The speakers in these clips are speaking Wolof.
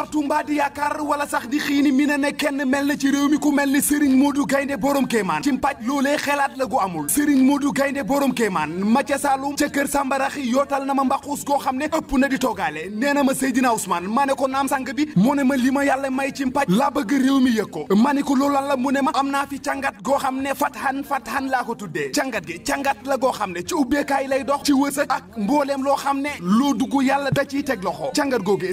njortu mbaa di yaakaar wala sax di xiini mi ne ne kenn mel na ci réew mi ku mel ni Serigne Modou Gaynde borom Kéemaan ci mpaj loolee xelaat la gu amul moo Modou Gaynde borom Kéemaan ma ca Saalum ca kër Sàmbaraxi yootal na ma mbaxuus koo xam ne ëpp na di toogaale nee na ma Seydina Ousmane ma ne ko naam sàng bi mu ne ma li ma yàlla may ci mpaj laa bëgg réew mi yëg ko ma ne ko loolan la mu ne ma am naa fi càngat goo xam ne fatxan fatxan laa ko tuddee càngat gi càngat la goo xam ne ci ubbeekaay lay dox ci wërsëg ak mbooleem loo xam ne loo dugg yàlla da ciy teg loxo càngat googe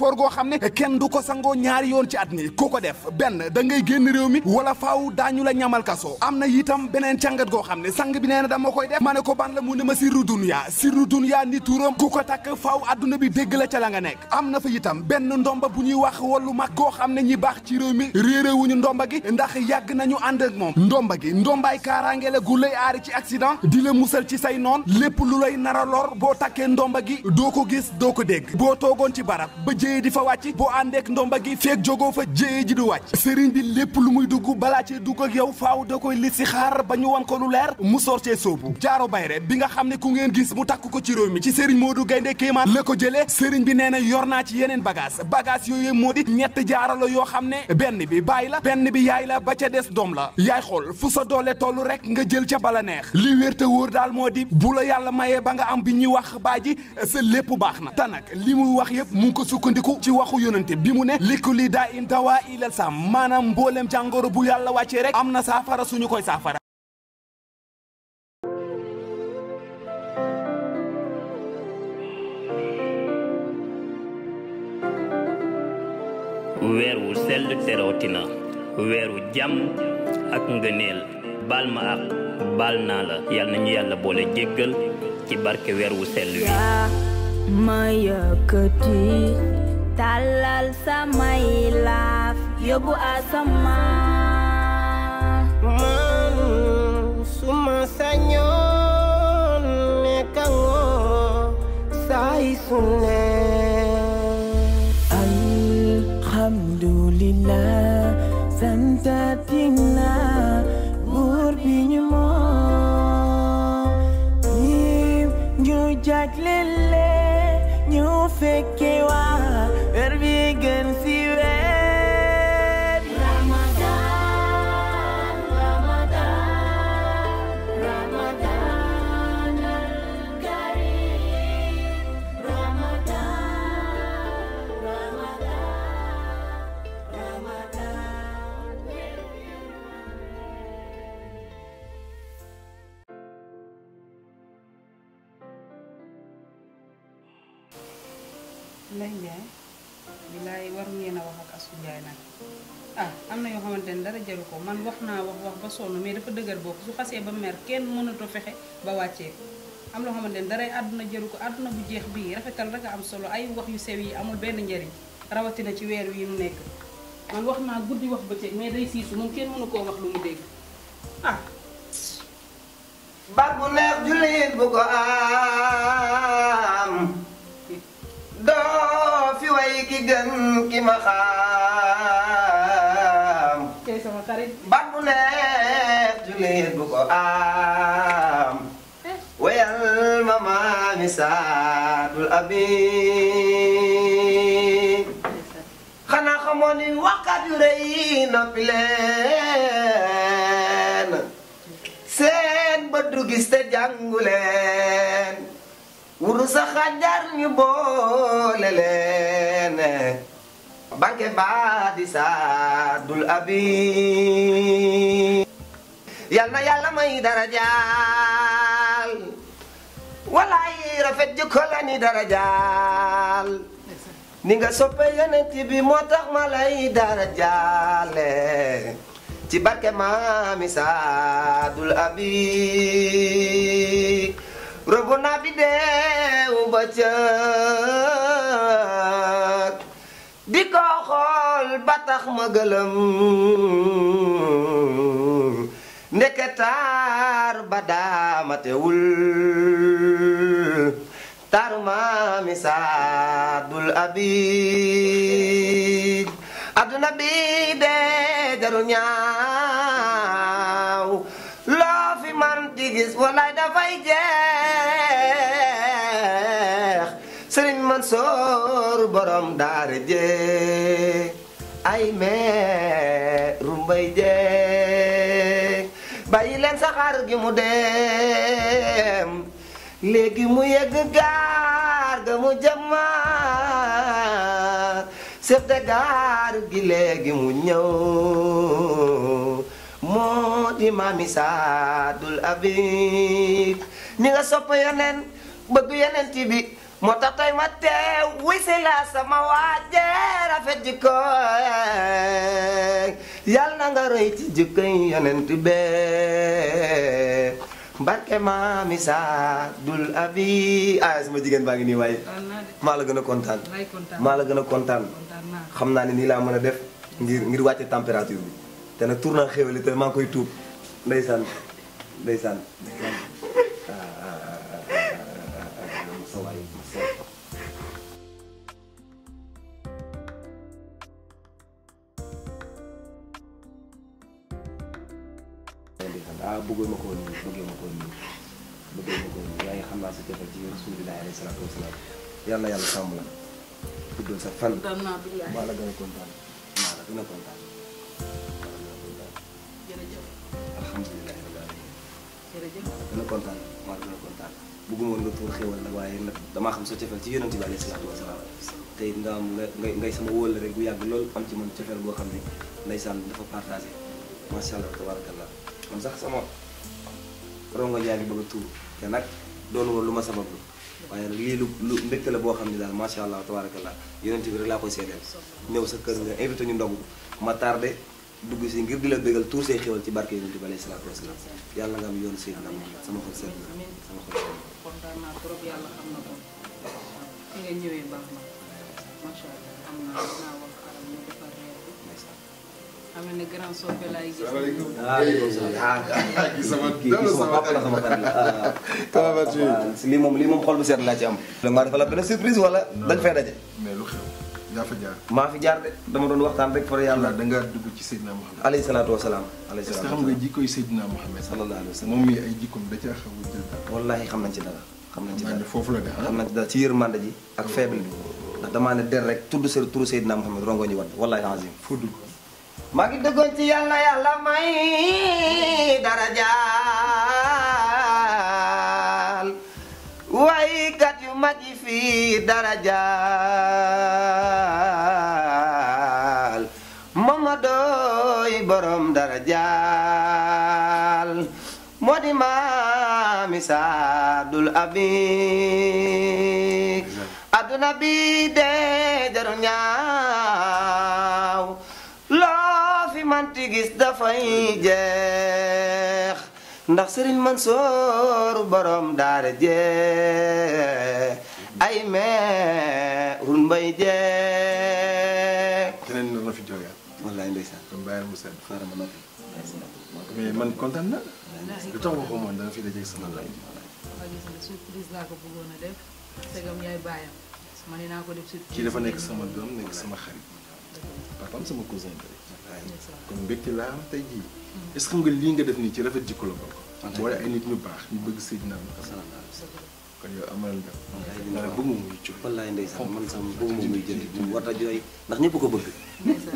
for goo xam ne kenn du ko sangoo ñaari yoon ci at mi ku ko def benn da génn réew mi wala faaw daañu la ñamal kaso am na itam beneen càngat goo xam ne sang bi nee na dama koy def ma ne ko ban la mu ne ma sirru dunya sirru dunya ni turam ku ko takk faaw adduna bi dégg la ca la nga nekk am na fa itam benn ndomba bu ñuy wax wallu mag goo xam ne ñi baax ci réew mi réeréewuñu ndomba gi ndax yàgg nañu ànd ak moom ndomba gi ndombaay kaaraange la gu lay aari ci accident di la musal ci say noon lépp lu lay nara lor boo takkee ndomba gi doo ko gis doo ko dégg boo toogoon ci barab ba jëye di fa wàcc boo àndeek ndomba gi feeg jógoo fa jëye ji du wàcc sëriñ bi lépp lu muy dugg balaa cee dugg ak yow faaw da koy listixaar ba ñu wan ko lu leer mu soor cee soobu jaaro bayre bi nga xam ne ku ngeen gis mu takk ko ci réew mi ci sëriñ Modou Gaynde Kéemaan la ko jëlee sëriñ bi nee na yor naa ci yeneen bagaas bagage yooyu moo di ñett jaaro la yoo xam ne benn bi bàyyi la benn bi yaay la ba ca des doom la yaay xool fu sa doole tollu rek nga jël ca bala neex li wér daal moo di bu yàlla mayee ba nga am bi ñuy wax baa ji sa lépp baax na sukkandiku ci waxu yonente bi mu ne likuli da in tawa ilal sa mbolem mboolem jàngoro bu yalla wacce rek amna na saafara suñu koy saafara weer wu sell terootina weer wu ak ngeenel baal ma ak baal la nañu yalla boole jéggal ci barké sel wi tàllal samay laaf yóbbu asamaan man suma sañoon nekk ngoo saay sune Ablaye Ndiaye bilaay war ngeen a wax ak Asou Ndiaye nag ah am na yoo xamante dara jaru ko man wax naa wax wax ba sonn mais dafa dëgër bopp su xasee ba mer kenn mënatu fexe ba wàccee am loo xamante ne daray àdduna jaru ko àdduna bu jeex bii rafetal rek am solo ay wax yu sew yi amul benn njariñ rawatina ci weer wi mu nekk man wax naa guddi wax bëccëg mais day siisu moom kenn mënu koo wax lu mu dégg ah. baat bu neex jullit bu ko ah. ki makam xam kay sama xarit bat bu neex am eh. wayal mama misadul abi xana xamoni wakat reina rey sen leen seen bëddu gis te jànguleen wuru banke baadi saadul abi yal na yàlla may darajaal walaay rafet jikko la ni darajaal ni nga soppe yonent bi moo tax ma lay darajaale ci barke maami saadul abi robu naa bi deewu ba ca di ko xool ma gëlëm ndeke taar ba daamatewul taar maami saadul abid aduna bi de jaru ñaaw loo fi man di gis walaay dafay jeex sëriñ Mansoor borom daara jee ay meeru mbay jee bàyyi leen saxaar gi mu dem léegi mu yegg gaar ga mu jëmma chef de gi léegi mu ñëw moo di maami saadul abik ni nga sopp yoneen bëgg yoneen ci bi motatoy toy matte wisila sama waaje rafet jikko yal nanga nga roy ci jikko yonent be barke ma misa dul abi ah sama jigen baangi ni way ah, ma la gëna contane ma la gëna contane xamna ni la mëna def ngir ngir wacce température bi té nak tourna xeweli té ma koy ndaysan ndaysan ah ah so I said. ah bëggee ma ko woon nii bëggee ma ko nii bëggee ma ko nii waaye xam naa sa jafe ci Rasulullah alayhi salaatu wasalaam yàlla yàlla sàmm la guddal sa fan. maa la gën kontaan maa la gën kontaan. jërëjëf dana kontaan maa ngi dana kontaan bëgguma woon nga waaye nag damaa xam sa cofeel ci yonent bi alayhi salaatu tey nga am nga sama wóol rek bu yàgg lool am ci man boo xam ne ndeysaan dafa partagé macha allah tabarakallah man sax sama rongo yaa ngi bëgg a tuur te nag doonu woon lu ma sabablu waaye nag lii lu lu mbégte la boo xam ne daal macha allah tabarakallah yonent bi rek laa koy seedeel ñëw sa kër nga invité ñu ndogu ma tardé dugg si ngir di la bégal tuur say xéwal ci barke yonent bi alayhi salaatu wasalaam yàlla nga am yoon Seydina Muhammad sama xol sedd na sama xol sedd na. kontaan naa trop yàlla xam na lii moom li moom xol bu sedd laa ci am. da nga defal la benn surprise wala dañ fay daje. yaa fa jaar maa fi jaar de dama doon waxtaan rek pour yàlla da ngaa dugg ci Seydina Mohamed alayhi salaatu wasalaam alayhi da caa a ci dara xam nañ ci ah? ci dara ci yërmande ji ak faible bi damaa ne der rek tudd turu Seydina Mohamed rongo ñu wallaahi azim foo maa ngi dëggoon ci yàlla yàlla may daraja mag yi fi darajaal ma dooy borom darajaal moo di maami saadul abi aduna bi de jaru ñaaw loo dafay jeex ndax sëriñ Mansoor borom daare jee ay mee run mbay jee keneen na fi jógee wallaay ndeysaan kon bàyyil mu sedd xaaral man kontaan na lu tax waxoo danga fi dajeeg sama lay waaw ko bëggoon a def naa ko def surprise kii dafa nekk sama doom nekk sama xarit papaam sama cousin bi kon mbégte laa am tey jii est-ce que nga lii nga def nii ci rafet jikko la bokk boole ay nit ñu baax ñu bëgg Seydina kon yow amal nga. waaw bëgg moom muy jóg. wallaay ndeysaan sax bëgg moom muy jënd mu war a jooy ndax ñëpp ko bëgg.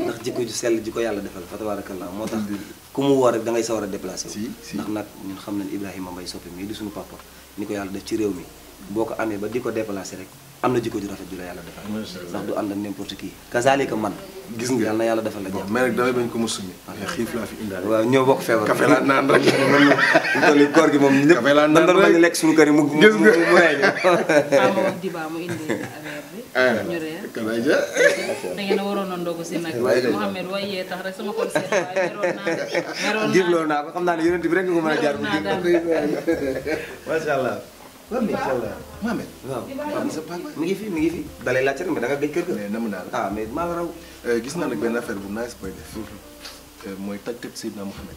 ndax jikko ju sell ji ko yàlla defal fa tabaarakallaa moo tax ku mu woo rek da ngay sawar a déplacé wu. ndax nag ñu xam nañ Ibrahima Mbaye soppi mii di suñu papa ni ko yàlla def ci réew mi. boo ko amee ba di ko déplacé rek am na jikko ju rafet ju la yàlla defal ndax du ànd ak n'importe qui kasaalika man gis nga yàlla na yàlla defal la jàpp mais nag damay ko mos a xiif laa fi indaale waaw gi moom ñëpp café laa naan rek lekk suñu kër yi mu gis nga mu rey dibaa mu indi affaire ah, a waroon a ndogu si nag Mouhamed waay naa ko xam naa ne yonent bi rek nga ko mën a jaar bu masha Allah waaw mais Talla Mohamed. waaw Mohamed sa papa mi ngi fi mi ngi fi. dalay laajte mais da nga gëj kër ga. mais namu naa la ah mais maa raw. Euh, gis naa nag benn affaire bu nice booy def. Mhm. Euh, mooy taj tëb Seydina Mohamed.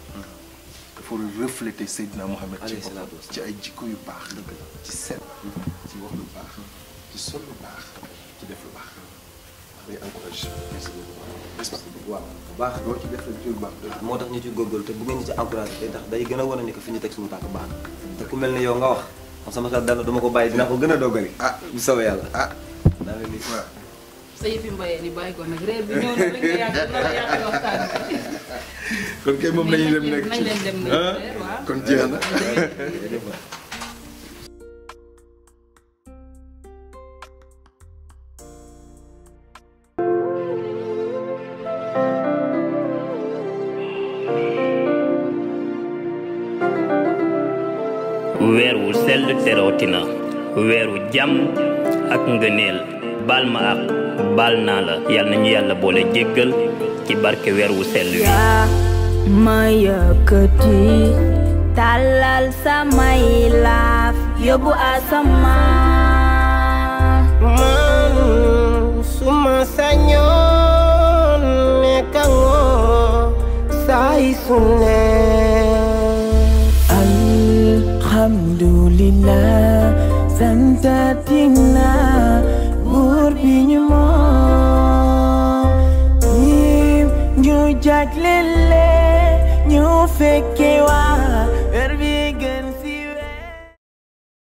pour mhm. refléter Seydina Mohamed. ci ay jikko yu baax. ci seet ci wax lu baax. ci sol baax. def lu baax. day encouragé. baax doo ci moo tax ñu ciy góorgóorlu te bu ngeen ñu ci encouragé day tax day gën a wane ni que fi ñu teg suñu tànk baax te ku mel ne yow nga wax. sama xel dal dama ko bàyyi dina ko gën a dogali. ah bu soobee yàlla ah. naa leen di mbayee ni bày ko nag réer bi ñëw na li nga yàgg loolu yàgg waxtaan bi. kon kay moom la ñuy dem nekk ci nañ leen dem ah. nekk ci kon jeex na. weru sel terotina weru jam ak ngëneel baal ma ak baal naa la yalla ñu yalla boole jéggel ci barké weru sel sell wi ma yëkkati tàllal samay laaf yóbbu asama man suma sañoon nekka ngoo Alhamdulillah Santa Tina Gurbinyumo Yim Nyu jaglele Nyu fekewa